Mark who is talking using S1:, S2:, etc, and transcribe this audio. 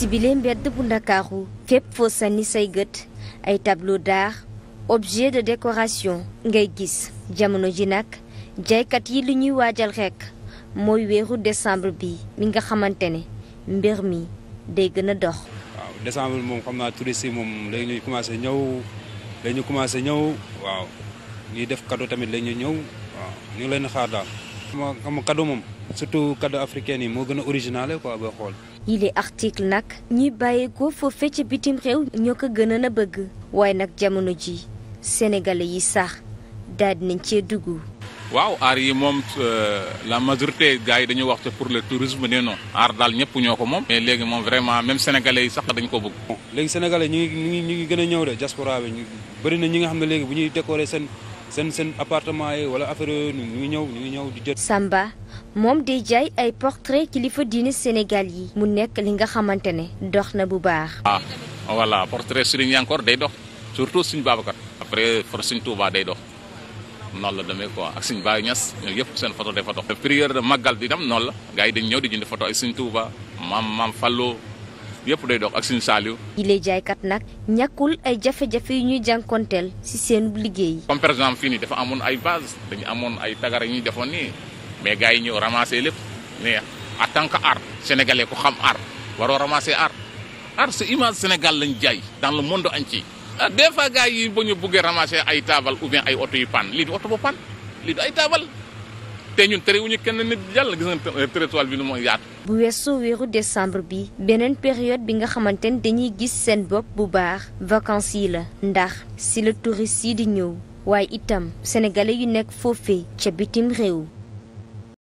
S1: si bile mbedd bu ndakaaru fépp foo sànni say gët ay tableau d'art objet de décoration ngay gis jamono ji nag jaaykat yi li ñuy waajal rekk mooy weeru décembre bi mi nga xamante ne mbir mi day gën a dox
S2: waaw décembre moom xam naa touristes moom léegi ñuy commencé ñëw léegi ñu commencé ñëw waaw ñuy def cadeau tamit léegi ñu ñëw waaw ñu ngi leen xaar daal moom cadeau moom surtout cadeau africain yi moo gën a original quoi boo xool.
S1: yile article nag ñuy bàyyeekoo foofee ca bitim réew ñoo ko gën a na bëgg waaye nag jamono ji sénégalais yi sax daal di nañ cee dugg.
S3: waaw aar yi moom euh, la majorité gars yi dañu wax pour le tourisme nee non aar daal ñëpp ñoo ko moom. mais léegi moom vraiment même sénégalais yi sax dañ ko bëgg.
S2: léegi sénégalais ñu ngi ñu ngi ñu ngi gën a ñëw de diaspora bi bëri na ñi nga xam ne léegi bu ñuy décorer seen. seen seen appartement yi wala affaire yooyu ñu ngi ñëw ñu ngi ñëw di jot.
S1: Samba moom day jaay ay portrait kilifa diine Sénégal yi. mu nekk li nga xamante ne dox na bu baax.
S3: ah voilà portrait Serigne Yankor day dox surtout Serigne Babacar. après for Serigne Touba day dox noonu la demee quoi ak Serigne Baye Niass ñoom yëpp seen photo day fa dox. prière de Magal di dem noonu la gars yi dañ ñëw di jënd photo ay Serigne Touba maam maam Fallou. yëpp day dox ak suñu saaliw
S1: yi lay jaaykat nag ñàkkul ay jafe-jafe yu ñuy
S3: jànkonteel si seen liggéey yi comme par exemple fii nii dafa amoon ay vase dañu amoon ay tagara yi ñuy defoon nii mais gars yi ñëw ramasser lépp mais en tant que art sénégalais ku xam art waroo ramasser art art sa image Sénégal lañ jaay dans le monde entier ah des fois gars yi bu ñu buggee ramasser ay taabal ou bien ay oto yu panne lii di oto bu panne lii di ay taabal te ñun terewuñu kenn nit yàlla gis nga bi nu mooy yaatu.
S1: bu weesoo weeru décembre bi beneen période bi nga xamante ni dañuy gis seen bopp bu baax vacances yi la ndax si la touristes yi di ñëw waaye itam sénégalais yu nekk foofee ca bitim réew.